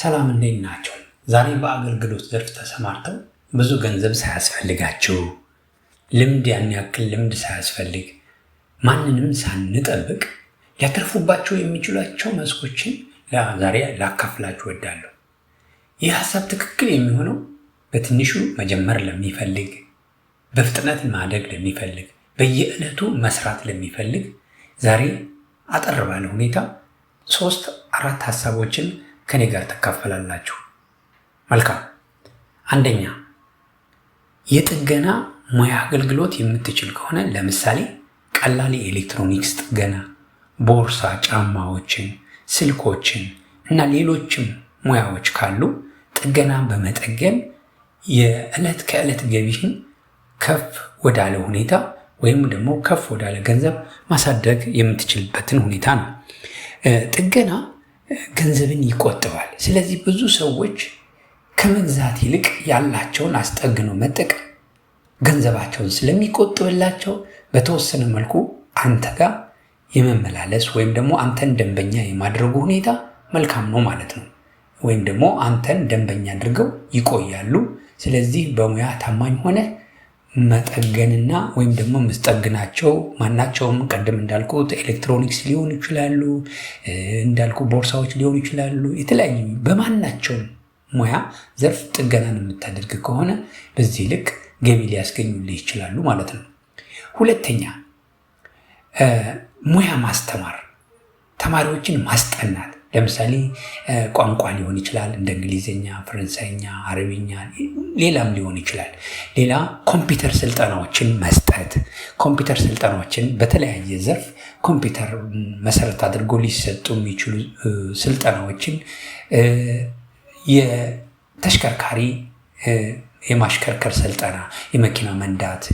ሰላም እንዴት ናቸው? ዛሬ በአገልግሎት ዘርፍ ተሰማርተው ብዙ ገንዘብ ሳያስፈልጋችሁ ልምድ ያን ያክል ልምድ ሳያስፈልግ ማንንም ሳንጠብቅ ሊያተርፉባቸው የሚችሏቸው መስኮችን ዛሬ ላካፍላችሁ ወዳለሁ። ይህ ሀሳብ ትክክል የሚሆነው በትንሹ መጀመር ለሚፈልግ፣ በፍጥነት ማደግ ለሚፈልግ፣ በየዕለቱ መስራት ለሚፈልግ ዛሬ አጠር ባለ ሁኔታ ሶስት አራት ሀሳቦችን ከኔ ጋር ትካፈላላችሁ። መልካም። አንደኛ የጥገና ሙያ አገልግሎት የምትችል ከሆነ ለምሳሌ ቀላል የኤሌክትሮኒክስ ጥገና፣ ቦርሳ፣ ጫማዎችን፣ ስልኮችን እና ሌሎችም ሙያዎች ካሉ ጥገናን በመጠገን የዕለት ከዕለት ገቢህን ከፍ ወዳለ ሁኔታ ወይም ደግሞ ከፍ ወዳለ ገንዘብ ማሳደግ የምትችልበትን ሁኔታ ነው ጥገና ገንዘብን ይቆጥባል። ስለዚህ ብዙ ሰዎች ከመግዛት ይልቅ ያላቸውን አስጠግኖ መጠቀም ገንዘባቸውን ስለሚቆጥብላቸው በተወሰነ መልኩ አንተ ጋር የመመላለስ ወይም ደግሞ አንተን ደንበኛ የማድረጉ ሁኔታ መልካም ነው ማለት ነው። ወይም ደግሞ አንተን ደንበኛ አድርገው ይቆያሉ። ስለዚህ በሙያ ታማኝ ሆነ መጠገንና ወይም ደግሞ የምትጠግናቸው ማናቸውም ቀደም እንዳልኩት ኤሌክትሮኒክስ ሊሆኑ ይችላሉ፣ እንዳልኩ ቦርሳዎች ሊሆኑ ይችላሉ። የተለያዩ በማናቸውም ሙያ ዘርፍ ጥገናን የምታደርግ ከሆነ በዚህ ልክ ገቢ ሊያስገኙልህ ይችላሉ ማለት ነው። ሁለተኛ ሙያ ማስተማር፣ ተማሪዎችን ማስጠናት ለምሳሌ ቋንቋ ሊሆን ይችላል። እንደ እንግሊዝኛ፣ ፈረንሳይኛ፣ አረብኛ ሌላም ሊሆን ይችላል። ሌላ ኮምፒውተር ስልጠናዎችን መስጠት ኮምፒውተር ስልጠናዎችን በተለያየ ዘርፍ ኮምፒውተር መሰረት አድርጎ ሊሰጡ የሚችሉ ስልጠናዎችን፣ የተሽከርካሪ የማሽከርከር ስልጠና፣ የመኪና መንዳት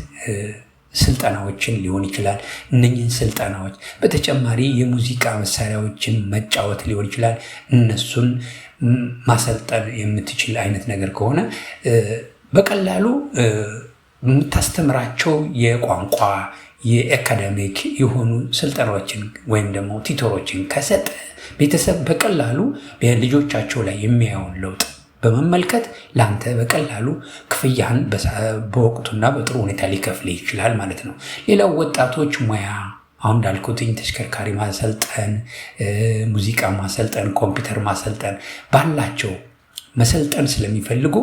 ስልጠናዎችን ሊሆን ይችላል። እነኝህን ስልጠናዎች በተጨማሪ የሙዚቃ መሳሪያዎችን መጫወት ሊሆን ይችላል። እነሱን ማሰልጠን የምትችል አይነት ነገር ከሆነ በቀላሉ የምታስተምራቸው የቋንቋ የአካዳሚክ የሆኑ ስልጠናዎችን ወይም ደግሞ ቲቶሮችን ከሰጠ ቤተሰብ በቀላሉ ልጆቻቸው ላይ የሚያየውን ለውጥ በመመልከት ለአንተ በቀላሉ ክፍያህን በወቅቱና በጥሩ ሁኔታ ሊከፍል ይችላል ማለት ነው። ሌላው ወጣቶች ሙያ አሁን እንዳልኩትኝ ተሽከርካሪ ማሰልጠን፣ ሙዚቃ ማሰልጠን፣ ኮምፒውተር ማሰልጠን ባላቸው መሰልጠን ስለሚፈልጉ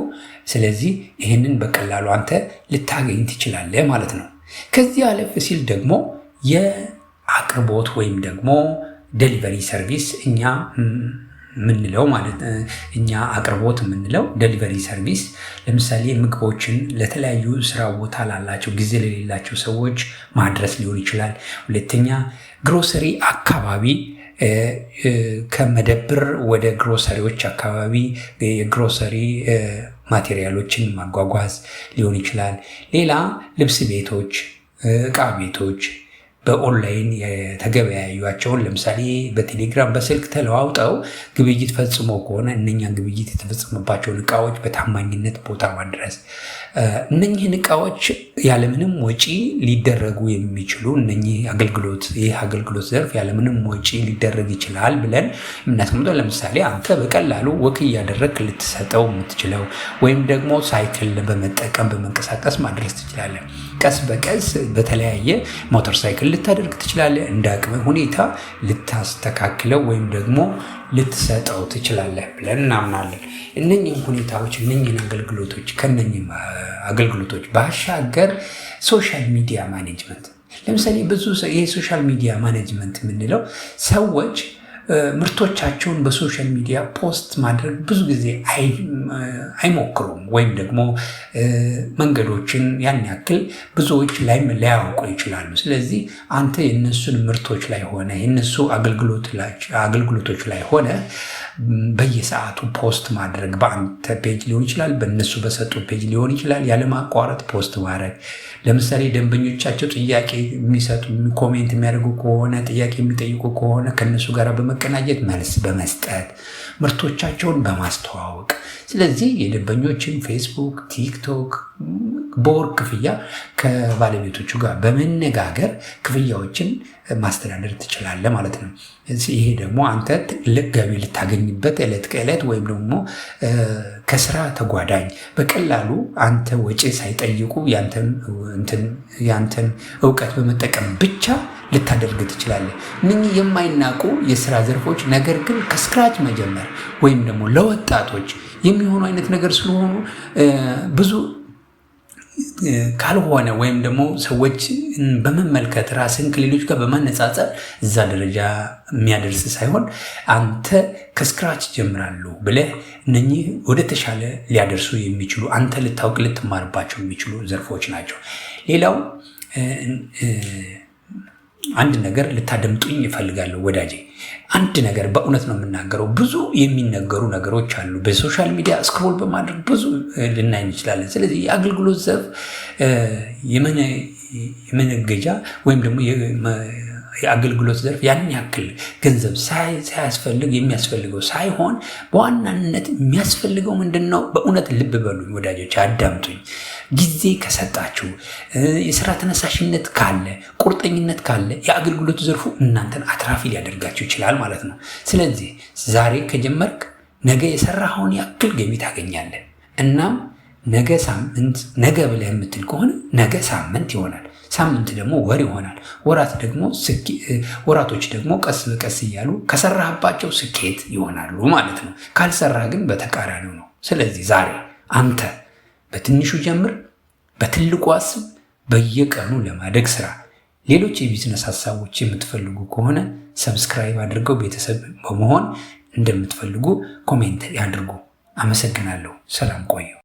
ስለዚህ ይህንን በቀላሉ አንተ ልታገኝ ትችላለህ ማለት ነው። ከዚህ አለፍ ሲል ደግሞ የአቅርቦት ወይም ደግሞ ደሊቨሪ ሰርቪስ እኛ ምንለው ማለት እኛ አቅርቦት የምንለው ደሊቨሪ ሰርቪስ ለምሳሌ ምግቦችን ለተለያዩ ስራ ቦታ ላላቸው ጊዜ ለሌላቸው ሰዎች ማድረስ ሊሆን ይችላል። ሁለተኛ ግሮሰሪ አካባቢ ከመደብር ወደ ግሮሰሪዎች አካባቢ የግሮሰሪ ማቴሪያሎችን ማጓጓዝ ሊሆን ይችላል። ሌላ ልብስ ቤቶች፣ እቃ ቤቶች በኦንላይን የተገበያዩቸውን ለምሳሌ በቴሌግራም በስልክ ተለዋውጠው ግብይት ፈጽሞ ከሆነ እነኛን ግብይት የተፈጸመባቸውን እቃዎች በታማኝነት ቦታ ማድረስ እነኚህን እቃዎች ያለምንም ወጪ ሊደረጉ የሚችሉ እነኚህ አገልግሎት ይህ አገልግሎት ዘርፍ ያለምንም ወጪ ሊደረግ ይችላል ብለን የምናስቀምጠው ለምሳሌ አንተ በቀላሉ ወክ እያደረግ ልትሰጠው የምትችለው ወይም ደግሞ ሳይክል በመጠቀም በመንቀሳቀስ ማድረስ ትችላለን። ቀስ በቀስ በተለያየ ሞተር ሳይክል ልታደርግ ትችላለህ። እንደ አቅም ሁኔታ ልታስተካክለው ወይም ደግሞ ልትሰጠው ትችላለህ ብለን እናምናለን። እነኝህም ሁኔታዎች እነኝህን አገልግሎቶች ከነኝህም አገልግሎቶች ባሻገር ሶሻል ሚዲያ ማኔጅመንት ለምሳሌ ብዙ ይሄ ሶሻል ሚዲያ ማኔጅመንት የምንለው ሰዎች ምርቶቻቸውን በሶሻል ሚዲያ ፖስት ማድረግ ብዙ ጊዜ አይሞክሩም፣ ወይም ደግሞ መንገዶችን ያን ያክል ብዙዎች ላይም ላያውቁ ይችላሉ። ስለዚህ አንተ የነሱን ምርቶች ላይ ሆነ የነሱ አገልግሎቶች ላይ ሆነ በየሰዓቱ ፖስት ማድረግ በአንተ ፔጅ ሊሆን ይችላል፣ በእነሱ በሰጡ ፔጅ ሊሆን ይችላል። ያለማቋረጥ ፖስት ማድረግ ለምሳሌ ደንበኞቻቸው ጥያቄ የሚሰጡ ኮሜንት የሚያደርጉ ከሆነ ጥያቄ የሚጠይቁ ከሆነ ከነሱ ጋር በመ በመቀናጀት መልስ በመስጠት ምርቶቻቸውን በማስተዋወቅ ስለዚህ የደንበኞችን ፌስቡክ፣ ቲክቶክ በወር ክፍያ ከባለቤቶቹ ጋር በመነጋገር ክፍያዎችን ማስተዳደር ትችላለ ማለት ነው። ይሄ ደግሞ አንተ ትልቅ ገቢ ልታገኝበት ዕለት ከዕለት ወይም ደግሞ ከስራ ተጓዳኝ በቀላሉ አንተ ወጪ ሳይጠይቁ ያንተን እውቀት በመጠቀም ብቻ ልታደርግ ትችላለህ። እነኚህ የማይናቁ የስራ ዘርፎች ነገር ግን ከስክራች መጀመር ወይም ደግሞ ለወጣቶች የሚሆኑ አይነት ነገር ስለሆኑ ብዙ ካልሆነ ወይም ደግሞ ሰዎች በመመልከት ራስን ከሌሎች ጋር በማነጻጸር እዛ ደረጃ የሚያደርስ ሳይሆን አንተ ከስክራች ጀምራሉ ብለህ እነኚህ ወደ ተሻለ ሊያደርሱ የሚችሉ አንተ ልታውቅ ልትማርባቸው የሚችሉ ዘርፎች ናቸው። ሌላው አንድ ነገር ልታደምጡኝ ይፈልጋለሁ ወዳጄ። አንድ ነገር በእውነት ነው የምናገረው። ብዙ የሚነገሩ ነገሮች አሉ። በሶሻል ሚዲያ ስክሮል በማድረግ ብዙ ልናይ እንችላለን። ስለዚህ የአገልግሎት ዘርፍ የመነገጃ ወይም ደግሞ የአገልግሎት ዘርፍ ያንን ያክል ገንዘብ ሳያስፈልግ የሚያስፈልገው ሳይሆን በዋናነት የሚያስፈልገው ምንድን ነው? በእውነት ልብ በሉኝ ወዳጆች፣ አዳምጡኝ። ጊዜ ከሰጣችሁ የስራ ተነሳሽነት ካለ ቁርጠኝነት ካለ የአገልግሎቱ ዘርፉ እናንተን አትራፊ ሊያደርጋችሁ ይችላል ማለት ነው። ስለዚህ ዛሬ ከጀመርክ ነገ የሰራኸውን ያክል ገቢ ታገኛለህ። እናም ነገ ሳምንት ነገ ብለህ የምትል ከሆነ ነገ ሳምንት ይሆናል። ሳምንት ደግሞ ወር ይሆናል። ወራት ደግሞ ወራቶች ደግሞ ቀስ በቀስ እያሉ ከሰራህባቸው ስኬት ይሆናሉ ማለት ነው። ካልሰራህ ግን በተቃራኒው ነው። ስለዚህ ዛሬ አንተ በትንሹ ጀምር፣ በትልቁ አስብ። በየቀኑ ለማደግ ስራ። ሌሎች የቢዝነስ ሀሳቦች የምትፈልጉ ከሆነ ሰብስክራይብ አድርገው ቤተሰብ በመሆን እንደምትፈልጉ ኮሜንት ያድርጉ። አመሰግናለሁ። ሰላም ቆዩ።